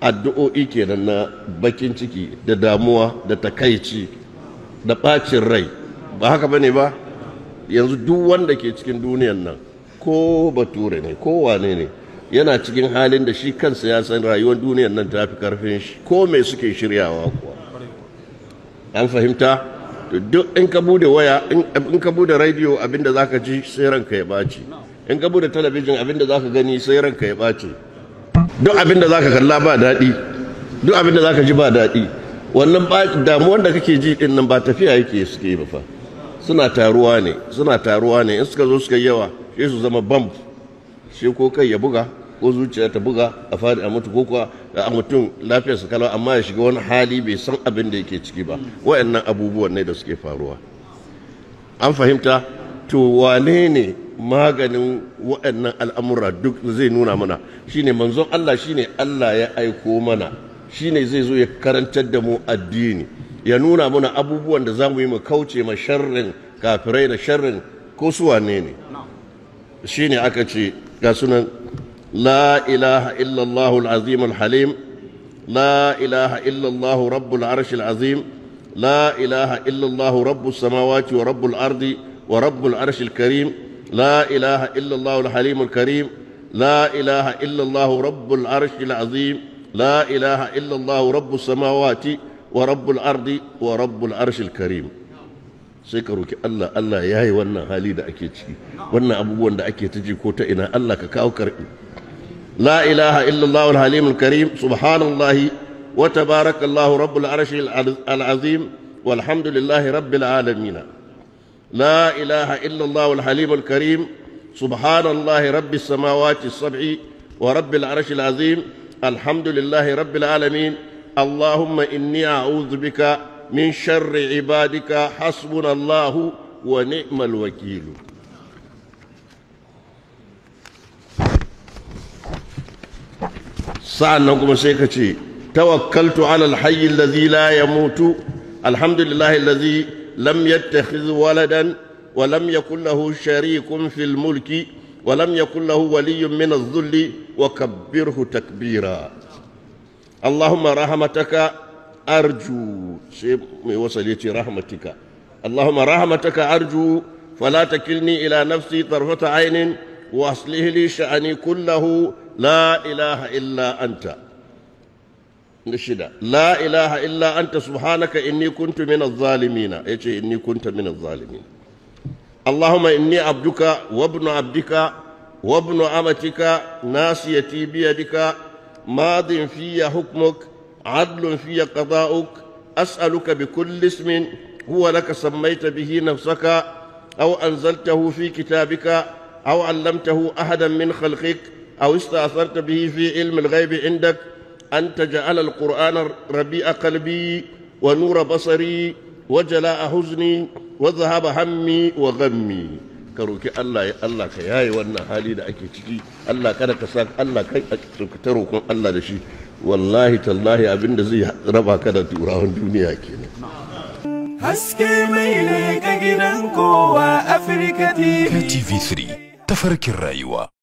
addu'o'i kenan na bakin ciki da damuwa da takaici da ɓacin rai ba haka ba ne ba yanzu duk wanda ke cikin duniyan nan ko bature ne ko wane ne yana cikin halin da shi kansa ya san rayuwar duniyan nan ta fi karfin shi ko mai suke shiryawa kuwa an fahimta duk in ka bude waya in ka bude rediyo abinda zaka ji sai ranka ya ɓaci in ka bude talabijin abinda zaka gani sai ranka ya ɓaci duk abin da za ka kalla ba daɗi duk abin da za ka ji ba daɗi wannan damuwan da kake ji ɗin nan ba tafiya yake suke ba fa suna taruwa ne suna taruwa ne in suka zo suka yawa sai su zama bam shi ko kai ya buga ko zuciya ta buga a fadi a mutu ko kuwa a mutum lafiyarsa kalau amma ya shiga wani hali bai san abin da yake ciki ba waɗannan abubuwan ne da suke faruwa an fahimta to wane ne maganin waɗannan al'amura duk zai nuna mana shine manzon Allah ne Allah ya aiko mana ne zai zo ya karantar da mu addini ya nuna mana abubuwan da za mu yi mu kauce ma sharrin kafirai da sharrin ko su wane ne shine aka ce ga sunan la ilaha illallah al'azim al-halim la ilaha illallah rabbul arshil azim la ilaha illallah rabbus samawati wa rabbul ardi wa rabbul arshil karim لا إله إلا الله الحليم الكريم لا إله إلا الله رب العرش العظيم لا إله إلا الله رب السماوات ورب الأرض ورب العرش الكريم sai ka roki Allah Allah ya yi wannan hali da ake ciki wannan abubuwan da ake ta ko ta ina Allah ka kawo karbi la ilaha illallah al-halim al-karim subhanallahi wa tabarakallahu rabbil alamina. لا إله إلا الله الحليم الكريم سبحان الله رب السماوات السبع ورب العرش العظيم الحمد لله رب العالمين اللهم إني أعوذ بك من شر عبادك حسبنا الله ونعم الوكيل sa'annan kuma sai ka ce tawakkaltu ala alhayy alladhi la yamutu alhamdulillahi alladhi لم يتخذ ولدا ولم يكن له شريك في الملك ولم يكن له ولي من الذل وكبره تكبيرا اللهم رحمتك أرجو شيء وصليت رحمتك اللهم رحمتك أرجو فلا تكلني إلى نفسي طرفة عين وأصله لي شأني كله لا إله إلا أنت نشدا لا إله إلا أنت سبحانك إني كنت من الظالمين إيش إني كنت من الظالمين اللهم إني عبدك وابن عبدك وابن عمتك ناسيتي بيدك ماض في حكمك عدل في قضاؤك أسألك بكل اسم هو لك سميت به نفسك أو أنزلته في كتابك أو علمته أحدا من خلقك أو استأثرت به في علم الغيب عندك أن تجعل القرآن ربيع قلبي ونور بصري وجلاء حزني وذهب همي وغمي ka roki Allah ya Allah ka yaye wannan hali da ake ciki Allah kada ka sa Allah kai a ta roƙon Allah da shi wallahi tallahi abinda zai raba ka da turawan duniya kenan haske mai ne ka gidan kowa Afirka TV TV3 tafarkin rayuwa